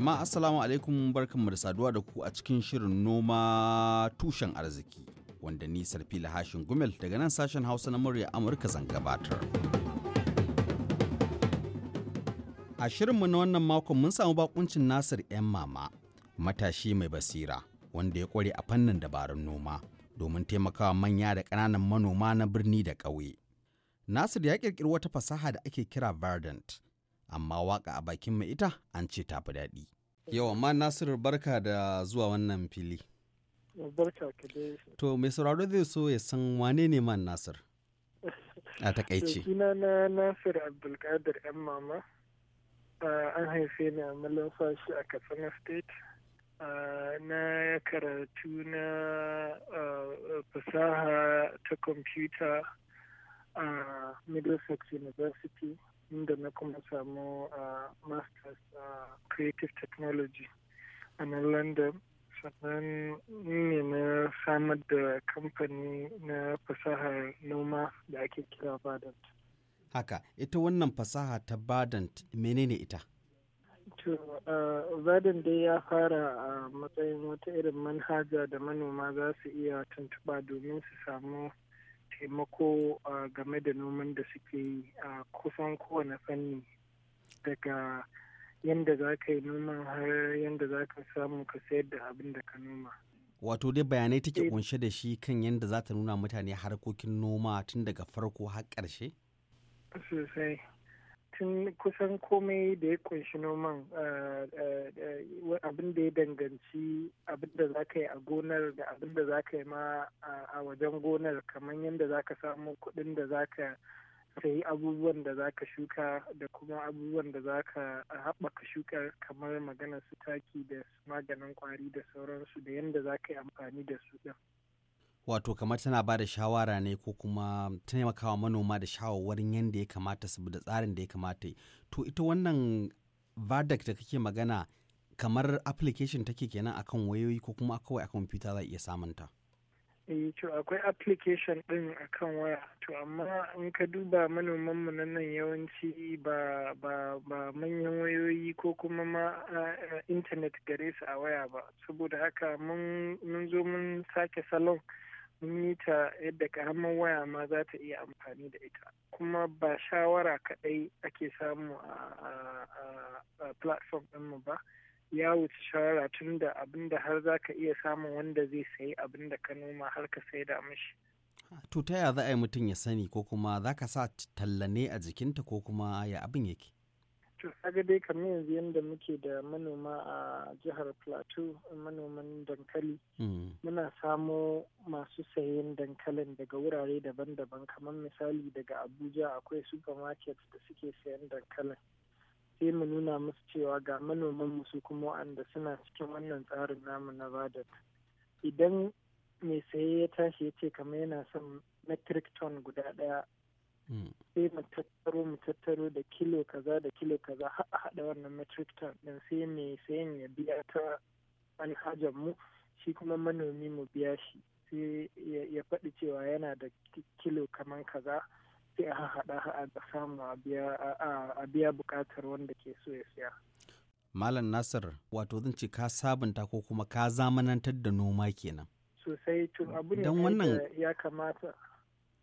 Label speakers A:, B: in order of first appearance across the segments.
A: Jama'a Assalamu alaikum barkanmu da saduwa da ku a cikin shirin noma tushen arziki wanda ni sarfi Hashin Gumel daga nan sashen Hausa na murya Amurka zan gabatar. A shirinmu na wannan makon mun samu bakuncin Nasir 'yan mama matashi mai basira wanda ya kware a fannin dabarun noma domin taimakawa manya da ƙananan manoma na birni da ƙauye. Nasir ya ƙirƙiri wata fasaha da ake kira Verdant. amma waka a bakin mai ita an ce tafi daɗi. Yau amma Nasiru barka da zuwa wannan fili. Barka To mai sauraro zai so ya san wane ne man Nasir? A takaice.
B: Suna na Nasir Abdulkadir ‘yan mama. An haife ni a fashi a Katsina State. Na karatu na fasaha ta kwamfuta a Middlesex University. inda na kuma samu masters a creative technology a nan london sannan ne na samar da kamfani na fasahar noma da ake kira badant
A: haka ita wannan fasaha ta badant menene ita
B: to zadin dai ya fara a matsayin wata irin manhaja da manoma za su iya tuntuɓa domin su samu taimako game da noman da suke yi a kusan kowane fanni daga yadda za ka yi noman har yadda za ka samu ka sayar da abin da ka noma.
A: Wato dai bayanai take eh. kunshe da shi kan yadda za ta nuna mutane harkokin noma tun daga farko har ƙarshe?
B: Sosai. sun kusan komai da ya kunshi noman eh, eh, eh, abin da ya danganci abin da za ka yi a gonar da abin da za ka yi ma a wajen gonar kamar yadda za ka samu kuɗin da za ka sayi abubuwan da za ka shuka da kuma abubuwan da za ka haɓaka shukar kamar maganar su taki da maganin kwari da sauransu da yadda za ka yi amfani da su ɗin.
A: wato kamar tana ba da shawara ne ko kuma taimakawa manoma da shawarwarin yadda ya kamata su da tsarin da ya kamata to ita wannan vardak da kake magana kamar application take kenan akan wayoyi ko kuma kawai a kwamfuta za a iya ta
B: eh to akwai application din akan waya to amma in ka duba manoman mu nan yawanci ba ba ba manyan wayoyi ko kuma ma eh, eh, internet gare su a waya ba saboda haka mun mun zo mun sake salon mita yadda karamin waya ma za ta iya amfani da ita kuma ba shawara kadai ake samu a platform ɗinmu ba ya wuce shawara tun da abin har za ka iya samun wanda zai sayi abin da ka noma har ka sai da mashi.
A: To ta za a yi mutum ya sani ko kuma za ka sa talla ne a jikinta ko kuma ya abin yake?
B: to kaga dai kamar yanzu yadda muke da manoma a jihar plateau manoman dankali hmm. muna samo masu sayen dankalin daga wurare daban-daban kamar misali daga abuja akwai supermarket da suke sayan dankalin sai mu nuna musu cewa ga manoman musu kuma wanda suna cikin wannan tsarin namu na badat idan mai saye ya tashi ya ce kamar yana son metric ton guda ɗaya Mm. sai mu tattaro mu tattaro da kilo kaza da kilo kaza haɗa haɗa wannan metric ton ɗin sai mai sayan ya biya ta manhajar mu shi kuma manomi mu biya shi sai ya faɗi cewa yana da kilo kaman kaza sai a haɗa a samu a biya buƙatar wanda ke so ya siya.
A: Malam Nasir wato zan ce ka sabunta ko kuma ka zamanantar da noma kenan.
B: Sosai tun abu ne ya kamata.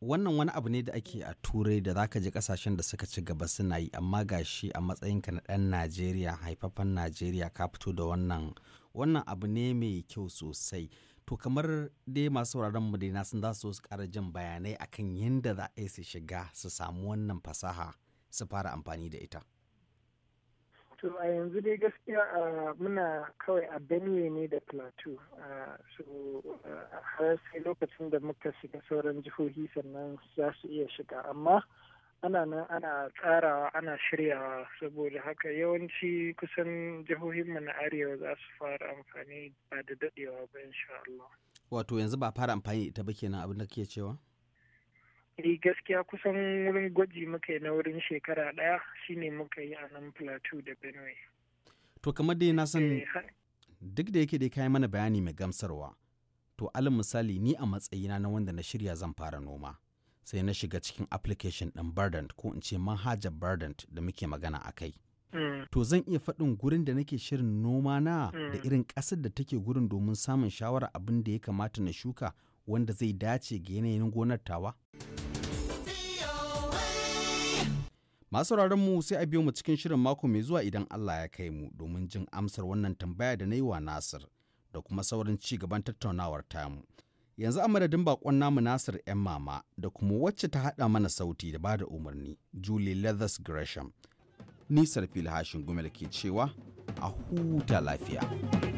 A: wannan wani abu ne da ake a turai da zaka je kasashen da suka ci gaba suna yi amma gashi a matsayin ka na dan najeriya haifafan najeriya ka fito da wannan wannan abu ne mai kyau sosai to kamar dai masu sauraron mu dai sun za su kara jin bayanai akan yadda za a yi su shiga su samu wannan fasaha su fara amfani da ita
B: to a yanzu dai gaskiya muna kawai a benue ne da plateau so har sai lokacin da muka shiga sauran jihohi sannan za su iya shiga amma ana nan ana tsarawa ana shiryawa saboda haka yawanci kusan jihohinmu na arewa za su fara amfani ba da dadewa ba insha
A: Wato yanzu ba fara amfani ita ba kenan abin da kake cewa?
B: Ni eh, gaskiya kusan wurin gwaji muka yi na wurin shekara ɗaya shine muka yi a nan plateau da benue
A: to kamar dai na san eh, duk da yake dai yi mana bayani mai gamsarwa to alin misali ni a matsayina na wanda na shirya zan fara noma sai na shiga cikin application ɗin Bardant ko in ce manhajar Bardant da muke magana a kai. Mm. To zan iya faɗin gurin da nake shirin noma na da mm. irin ƙasar da take gurin domin samun shawarar abin da ya kamata na shuka wanda zai dace ga yanayin gonar tawa? Masu mu sai a biyo mu cikin shirin mako mai zuwa idan Allah ya kai mu domin jin amsar wannan tambaya da na yi wa Nasir da kuma saurin ci gaban tattaunawar tamu. Yanzu a madadin bakon namu Nasir 'yan mama da kuma wacce ta haɗa mana sauti da bada umarni Julie Leathers Gresham. Nisar fil hashin Gumel ke cewa a huta lafiya.